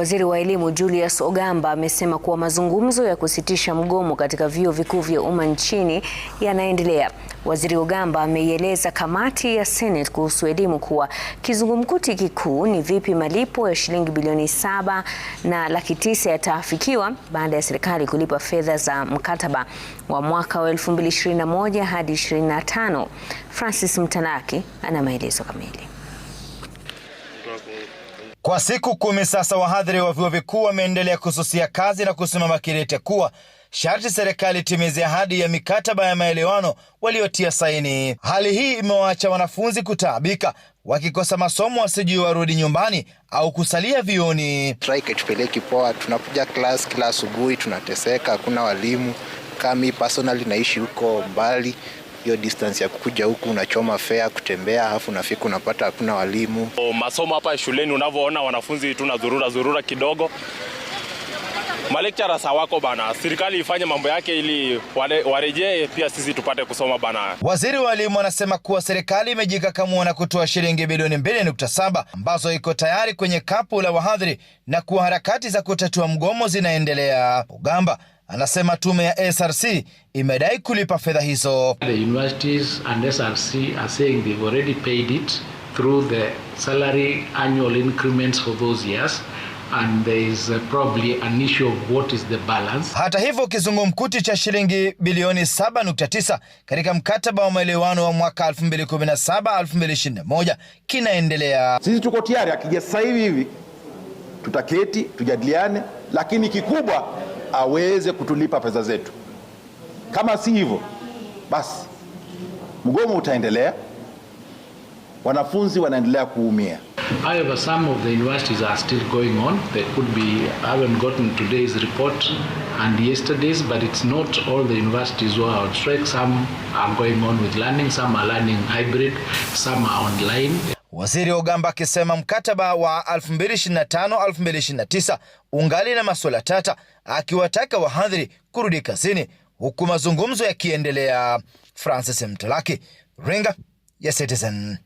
Waziri wa Elimu Julius Ogamba amesema kuwa mazungumzo ya kusitisha mgomo katika vyuo vikuu vya umma nchini yanaendelea. Waziri Ogamba ameieleza kamati ya senate kuhusu elimu kuwa kizungumkuti kikuu ni vipi malipo ya shilingi bilioni saba na laki tisa yataafikiwa baada ya serikali kulipa fedha za mkataba wa mwaka wa 2021 hadi 25. Francis Mtanaki ana maelezo kamili. Kwa siku kumi sasa, wahadhiri wa vyuo vikuu wameendelea kususia kazi na kusimama kidete kuwa sharti serikali itimize ahadi ya mikataba ya maelewano waliotia saini. Hali hii imewaacha wanafunzi kutaabika, wakikosa masomo, wasijui warudi nyumbani au kusalia vioni. Strike itupeleki poa, tunakuja class kila asubuhi, tunateseka, hakuna walimu. Kama mimi personally naishi huko mbali hiyo distance ya kukuja huku unachoma fea kutembea, alafu unafika unapata hakuna walimu. O, masomo hapa shuleni unavyoona wanafunzi tuna dhurura dhurura kidogo Malekchara sawako bana, serikali ifanye mambo yake ili warejee, pia sisi tupate kusoma bana. Waziri wa elimu anasema kuwa serikali imejikakamua na kutoa shilingi bilioni 2.7 ambazo iko tayari kwenye kapu la wahadhiri na kuwa harakati za kutatua mgomo zinaendelea. Ugamba Anasema tume ya SRC imedai kulipa fedha hizo. The universities and SRC are saying they've already paid it through the salary annual increments for those years. And there is uh, probably an issue of what is the balance. Hata hivyo kizungumkuti cha shilingi bilioni 7.9 katika mkataba wa maelewano wa mwaka 2017 2021 kinaendelea. Sisi tuko tayari, akija sasa hivi hivi tutaketi tujadiliane, lakini kikubwa aweze kutulipa pesa zetu. Kama si hivyo, basi mgomo utaendelea, wanafunzi wanaendelea kuumia. However, some of the universities are still going on. They could be, I haven't gotten today's report and yesterday's, but it's not all the universities are on strike. Some are going on with learning, some are learning hybrid, some are online. Waziri Ogamba akisema mkataba wa 2025-2029 ungali na masuala tata, akiwataka wahadhiri kurudi kazini huku mazungumzo yakiendelea. Francis Mtalaki, Ringa ya Citizen.